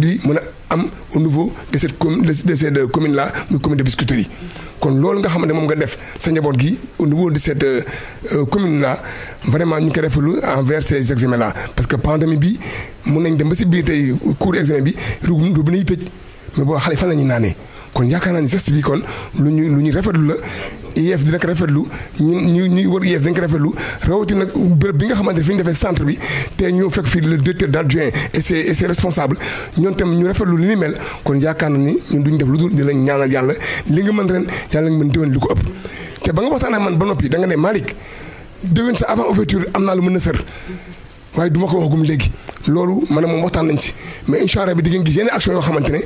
bii mën am au niveau de cette commune de cette euh, commune là muy commune de Biscuiterie kon loolu nga xamné mom nga def sa njaboot gi au niveau de cette euh, euh, commune là vraiment ñu ngi koy rafetlu envers ces examens là parce que pandémie bi mun dem ba si biir tey cours examen bi robinet yi mais boo xale fan la ñuy kon yaakaar naa ni geste bi kon lu ñu lu ñu rafetlu la IEF dina ko rafetlu ñu ñu ñuy wër IEF dina ko rafetlu rawati nag bi nga xamante ne fi ñu centre bi te ñoo fekk fii le directeur d'adjoint et ses et ses responsables ñoom tam ñu rafetlu li ni mel kon yaakaar na ni ñun duñu def lu dul di lañ ñaanal yàlla li nga mën ren yàlla nga mën déwén li ko ëpp te ba nga waxtaan ak man ba noppi da nga ne Malick déwén sa avant ouverture am naa lu mën a sër waaye du ma ko waxagum léegi loolu man moom waxtaan nañ si mais incha allah bi di ngeen gis yenn action xamante ne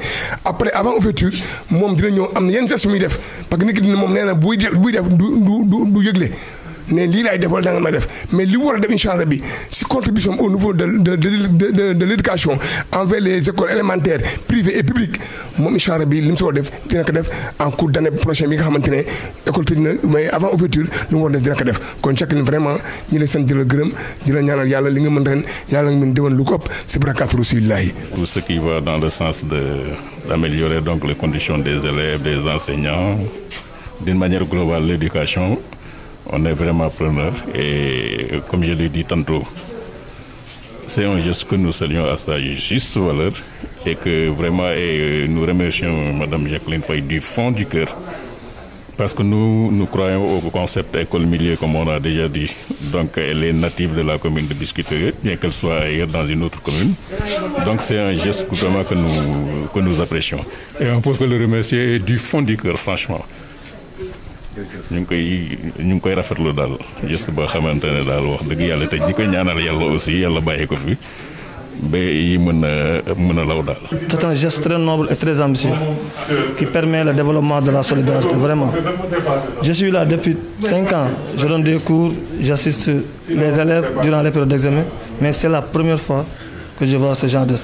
après avant ouverture moom dina ñëw am na yenn su muy def parce que nit ki dina moom nee na buy def buy def du du du yëgle mais li lay def da nga ma def mais li war def incha bi ci contribution au niveau de de de de de l'éducation envers les écoles élémentaires privées et publiques mom incha bi lim mu si def dina ko def en cours d'année prochaine mi nga xamantene école tëj mais avant ouverture li mu def dina ko def kon ni vraiment ñi lay sant le la gërëm di la ñaanal yalla li nga mën ren yàlla nga mën déwén lu ko ëpp si barakaatu rasulillahi. tout ce qui va dans le sens de d'améliorer donc les conditions des élèves des enseignants d'une manière globale l'éducation on est vraiment preneur et comme je l'ai dit tantôt, c'est un geste que nous saluons à sa juste valeur et que vraiment euh, nous remercions Madame Jacqueline Faye du fond du cœur parce que nous, nous croyons au concept école-milieu, comme on a déjà dit. Donc, elle est native de la commune de Biscuiterie, bien qu'elle soit ailleurs dans une autre commune. Donc, c'est un geste vraiment que nous, que nous apprécions. Et on peut le remercier du fond du cœur, franchement c'est un geste très noble et très ambitieux qui permet le développement de la solidarité vraiment je suis là depuis cinq ans je donne des cours j'assiste les élèves durant les périodes d'examen mais c'est la première fois que je vois ce genre de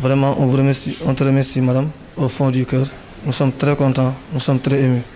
vraiment on vous remercie on te remercie madame au fond du cœur nous sommes très contents nous sommes très émus.